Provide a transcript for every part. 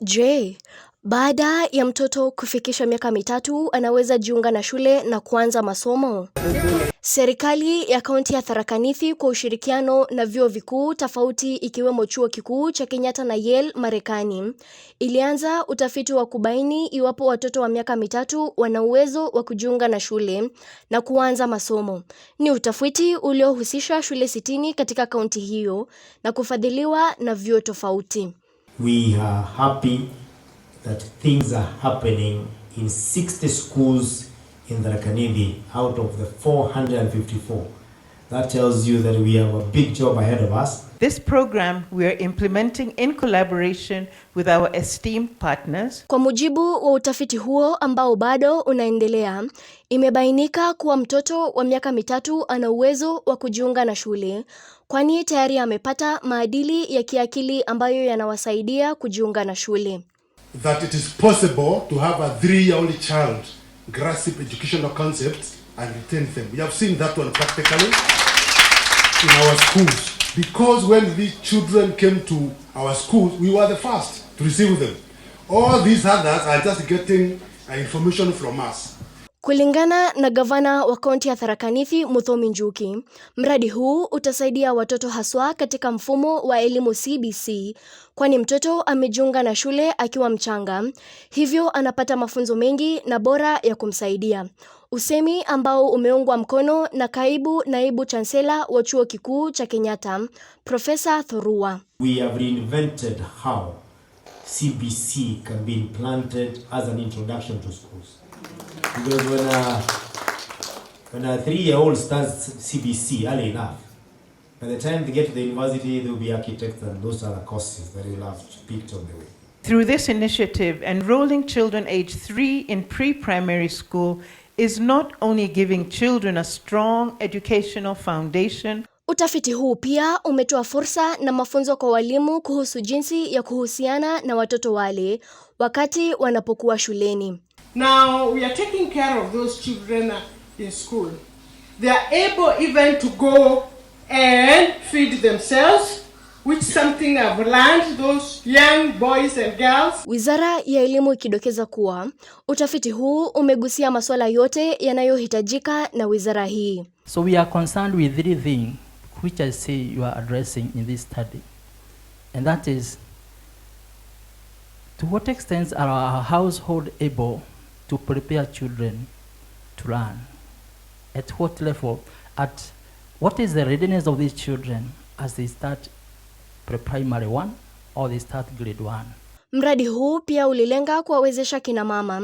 Je, baada ya mtoto kufikisha miaka mitatu anaweza jiunga na shule na kuanza masomo? Serikali ya kaunti ya Tharaka Nithi kwa ushirikiano na vyuo vikuu tofauti ikiwemo chuo kikuu cha Kenyatta na Yale Marekani ilianza utafiti wa kubaini iwapo watoto wa miaka mitatu wana uwezo wa kujiunga na shule na kuanza masomo. Ni utafiti uliohusisha shule sitini katika kaunti hiyo na kufadhiliwa na vyuo tofauti. We are happy that things are happening in 60 schools in Tharaka Nithi out of the 454 That tells you that we have a big job ahead of us. This program we are implementing in collaboration with our esteemed partners. Kwa mujibu wa utafiti huo ambao bado unaendelea, imebainika kuwa mtoto wa miaka mitatu ana uwezo wa kujiunga na shule, kwani tayari amepata maadili ya kiakili ambayo yanawasaidia kujiunga na shule. That it is possible to have a three-year-old child grasp educational concepts and retain them. We have seen that one practically in our schools because when these children came to our schools, we were the first to receive them. All these others are just getting uh, information from us. Kulingana na gavana wa kaunti ya Tharaka Nithi Muthomi Njuki, mradi huu utasaidia watoto haswa katika mfumo wa elimu CBC, kwani mtoto amejiunga na shule akiwa mchanga, hivyo anapata mafunzo mengi na bora ya kumsaidia Usemi ambao umeungwa mkono na kaibu naibu chansela wa chuo kikuu cha Kenyatta Profesa Thorua. We have reinvented how CBC can be implanted as an introduction to schools. Because when a, when a three-year-old starts CBC early enough, by the time they get to the university, they will be architects and those are the courses that you'll have picked on the way. Through this initiative, enrolling children age three in pre-primary school is not only giving children a strong educational foundation. Utafiti huu pia umetoa fursa na mafunzo kwa walimu kuhusu jinsi ya kuhusiana na watoto wale wakati wanapokuwa shuleni. Now we are taking care of those children in school. They are able even to go and feed themselves. Which something I've learned those young boys and girls. Wizara ya Elimu ikidokeza kuwa utafiti huu umegusia masuala yote yanayohitajika na wizara hii. So we are concerned with three things which I see you are addressing in this study. And that is to what extent are our household able to prepare children to learn? At what level? At what is the readiness of these children as they start pre-primary one or they start grade one. Mradi huu pia ulilenga kuwawezesha kina mama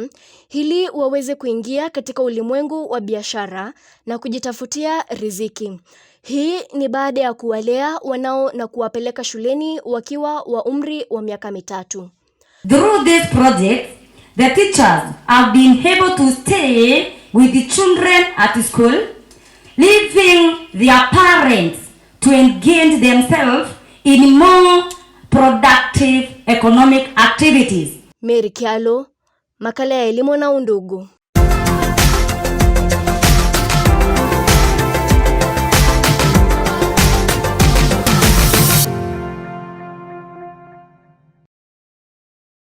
ili waweze kuingia katika ulimwengu wa biashara na kujitafutia riziki. Hii ni baada ya kuwalea wanao na kuwapeleka shuleni wakiwa wa umri wa miaka mitatu. Through this project, the teachers have been able to stay with the children at school, leaving their parents to engage themselves in more productive economic activities. Mary Kyalo, makala ya elimu na Undugu.